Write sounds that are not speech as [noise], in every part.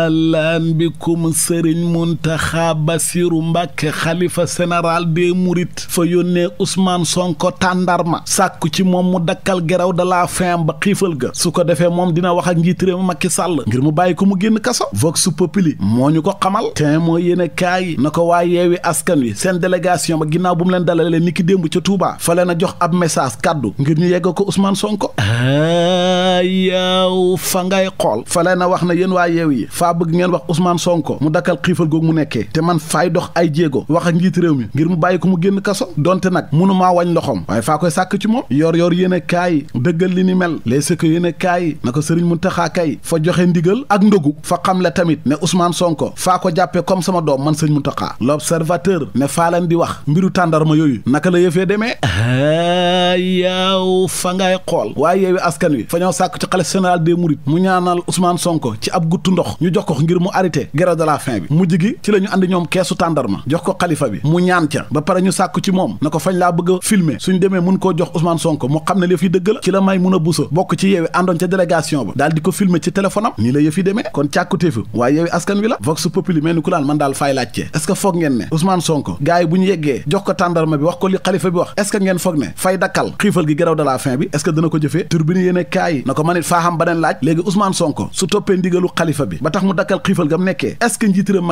ahlan bikum sëriñ muntaxa basiru mbàkke xalifa général des mourides fa yónnee Ousmane Sonko tàndarma sàkku ci moom mu dakkal geraw dalaa la ba xiifal ga su ko defee moom dina wax ak njiit réew makki sàll Sall ngir mu bàyyi ko mu génn kaso vox populi moo ñu ko xamal te mooy yéene kaay na ko waa yeewi askan wi seen délégation ba ginnaaw bu mu leen dalalee ni ki démb ca Touba fa leen a jox ab message kàddu ngir ñu yegg ko Ousmane Sonko yow fa laa bëgg ngeen wax Ousmane Sonko mu dakkal xiifal googu mu nekkee te man faay dox ay jéego wax ak njiit mi ngir mu bàyyi ko mu génn kaso donte nag mënumaa wañ loxoom waaye faa koy sàkk ci moom yor yor yéen a kaay dëggal li ni mel les se que yéen a kaay na ko sëriñ Muntaxa kay fa joxe ndigal ak ndogu fa xam xamle tamit ne Ousmane Sonko faa ko jàppee comme sama doom man sëriñ Muntaxa l'observateur ne faa leen di wax mbiru tàndarma yooyu naka la yëfee demee yaaw fa xool waaye yeewi askan wi fa mu ñaanal Ousmane Sonko ci ab jox ko ngir mu arrêté grève de la faim bi mujj gi ci la ñu àndi ba di ko filmer ci téléphone nii la yëf yi demee kon càkkutéefu waaye yeewi askan wi la vox populi mel ni ku man daal fay laajte est-ce foog ngeen ne Ousmane Sonko gars bu ñu yeggee jox ko tàndarma bi wax ko li xalifa bi wax est ngeen foog ne fay dakkal xiifal gi grève de la bi est dana ko jëfee turbine yéene kaay na ko man it faaxam baneen laaj léegi Ousmane Sonko su toppee ndigalu xalifa bi ba tax mu dakkal xiifal gam nekkee est-ce que njiitaram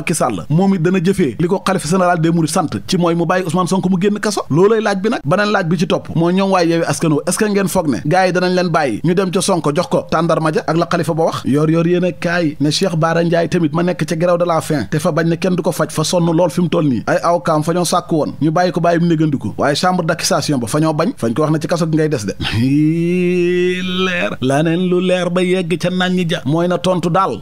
moom it dana jëfee li ko xalifa général des Mourides sant ci mooy mu bàyyi Ousmane Sonko mu génn kaso loolay laaj bi nag beneen laaj bi ci topp mooy ñoom waaye yeewi askano est-ce ngeen foog ne gars yi leen bàyyi ñu dem ca Sonko jox ko tàndarma ak la xalifa ba wax yor yor yéen kaay ne Cheikh Bara Ndiaye tamit ma nekk ca grève de la te fa bañ ne kenn du ko faj fa sonn lool fi toll nii ay ba fa ñoo bañ fañ ko wax [laughs] na tontu daal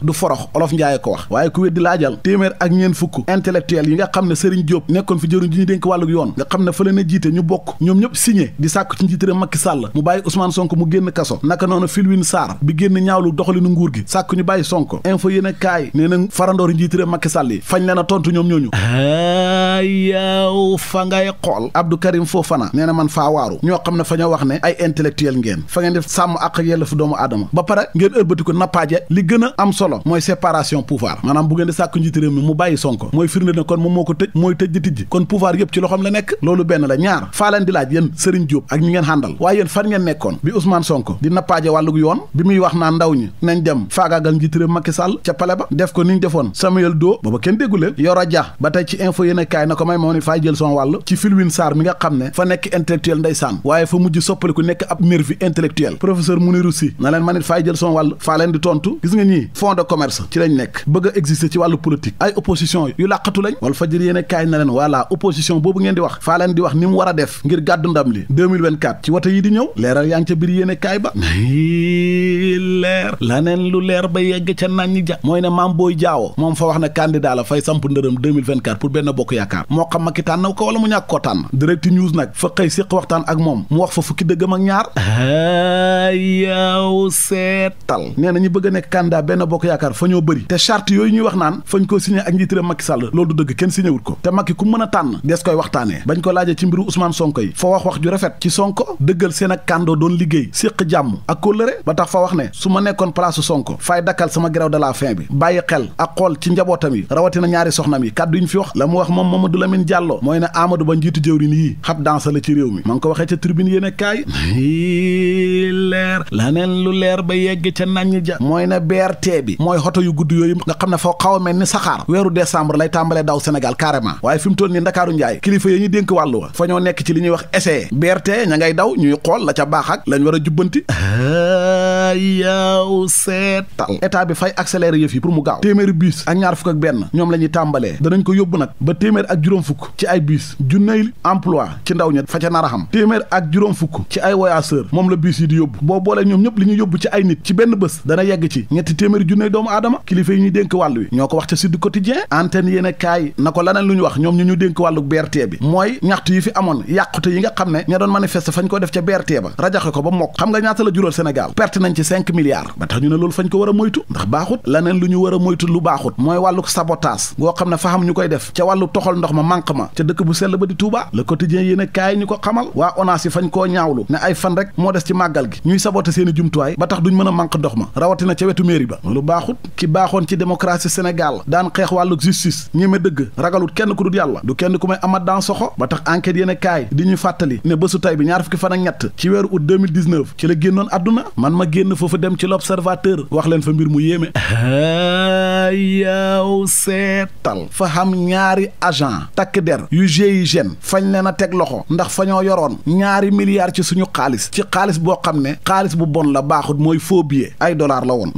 Wolof Njaay ko wax waaye ku weddi laajal téeméer ak ñeen fukk intellectuel yi nga xam ne Serigne Diop nekkoon fi jëriñ ji ñu dénk wàlluk yoon nga xam ne fa leen a jiite ñu bokk ñoom ñëpp signé di sàkk ci njiitëre Macky Sall mu bàyyi Ousmane Sonko mu génn kaso naka noonu Filwine Sarr bi génn ñaawlu doxalinu nguur gi sàkk ñu bàyyi Sonko info yéen a nee na farandoor njiitëre Macky Sall yi fañ leen a tontu ñoom ñooñu yaaw fa ngay xool Abdou Karim Fofana nee na man faa a séparation pouvoir maanaam bu mi mu bàyyi Sonko mooy firnde ne kon moom ko tëj mooy tëj di tijji kon pouvoir yëpp ci loxoom la nekk loolu benn la ñaar faa leen di laaj yéen ak ñi ngeen xàndal waaye yéen fan ngeen nekkoon bi Ousmane Sonko di nappaaje wàllug yoon bi muy wax naa ndaw ñi nañ dem faagaagal njiit réew Macky ca pale ba def ko ni ñu defoon Samuel Doe booba kenn déggu leen Yoro Dia ba tey ci info yéen a kaay na ko may moo lañ nekk bëgg a exister ci wàllu politique ay opposition yu làqatu lañ wala fajër yéen kaay na leen voilà opposition boobu ngeen di wax faa leen di wax ni mu war a def ngir gàddu ndam li ci wote yi di ñëw leeral yaa ngi ca biir kaay ba leer la neen lu leer ba yegg ca nañ ja mooy ne maam booy jaawo moom fa wax na candidat la fay samp ndërëm 2024 pour benn bokk yaakaar moo xam Macky tànn ko wala mu ñàkk koo tànn direct news nag fa xëy séq waxtaan ak moom mu wax fa fukki dëggam ak ñaar yaw seetal nee na ñu bëgg a bëri te charte yooyu ñuy wax naan fañ ko signé ak njiitëram Macky Sall loolu dëgg kenn signé ko te Macky ku mën a tànn dees koy waxtaanee bañ ko laajee ci mbiru Ousmane Sonko yi fa wax wax ju rafet ci Sonko dëggal seen ak kàndoo doon liggéey séq jàmm ak kóllëre ba tax fa wax ne su ma nekkoon place Sonko fay dakkal sama grève de la faim bi bàyyi xel ak xool ci njabootam yi rawatina ñaari soxnam yi kàddu yi ñu fi wax la mu wax moom la ci réew mi ma ngi ko waxee ba yegg ca nañ ja mooy gudd yooyu nga xam ne foo xaw a mel ni saxaar weeru décembre lay tàmbalee daw Sénégal carrément waaye fi mu toll nii ndakaaru njaay kilifa yi ñu dénk wàllu wa fa ñoo nekk ci li ñuy wax essayé BRT ña ngay daw ñuy xool la ca baax ak lañ war a jubbanti yaaw seetal état bi fay accélérer yëf yi pour mu gaaw téeméeri bus ak ñaar fukk ak benn ñoom la ñuy tàmbalee danañ ko yóbbu nag ba téeméer ak juróom fukk ci ay bus junney emploi ci ndaw ña fa ca nar a xam ak juróom fukk ci ay voyageur moom la bus yi boo boolee ñoom ñëpp li ñu yóbbu ci ay nit ci benn bés dana yegg ci ñetti téeméeri junney doomu aadama kilifa yi ñu dénk wàll wi ñoo ko wax ca Sud Quotidien antenne yéen a kaay na ko laneen lu ñu wax ñoom ñu ñu dénk wàllu BRT bi mooy ñaxtu yi fi amoon yàqute yi nga xam ne ña doon manifester fañ ko def ca BRT ba rajaxe ko ba mokk xam nga ñaata la jural Sénégal perte nañ ci cinq milliards ba tax ñu ne loolu fañ ko war a moytu ndax baaxut laneen lu ñu war a moytu lu baaxut mooy wàllu sabotage goo xam ne fa xam ñu koy def ca wàllu toxal ndox ma manque ma ca dëkk bu sell ba di Touba a kaay ñu ko xamal waa ONAS yi fañ koo ñaawlu ne ay fan rek màggal gi ñuy saboté seen i ba tax duñ mën a manque ndox ma rawatina wetu mairie ba baaxoon ci démocratie Sénégal daan xeex wàllu justice ñeme dëgg ragalut kenn ku dul yàlla du kenn ku may amat daan soxo ba tax enquête yéen kaay di ñu fàttali ne bésu tay bi ñaar fukki fan ak ñett ci weeru août 2019 ci la génnoon àdduna man ma génn foofu dem ci l'observateur wax leen fa mbir mu yéeme yaaw seetal fa xam ñaari agent takk der yu GIGN fañ leen a teg loxo ndax fañoo yoroon ñaari milliards ci suñu xaalis ci xaalis boo xam ne xaalis bu bon la baaxut mooy faux ay dollars la woon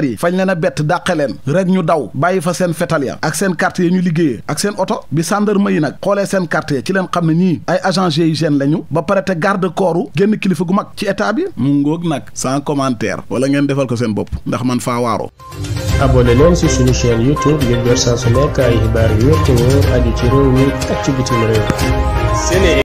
militaires yi fañ leen a bett dàqe leen rek ñu daw bàyyi fa seen fetal ya ak seen carte yi ñu liggéeyee ak seen oto bi gendarme yi nag xoolee seen carte ci leen xam ne ñii ay agent GIGN lañu ba pare te garde corps génn kilifa gu mag ci état bi mu ngoog nag sans commentaire wala ngeen defal ko seen bopp ndax man faa waaro abonné leen ci suñu seen YouTube ngir jot saa su yu wér te wóor aju ci réew mi ak ci bitim réew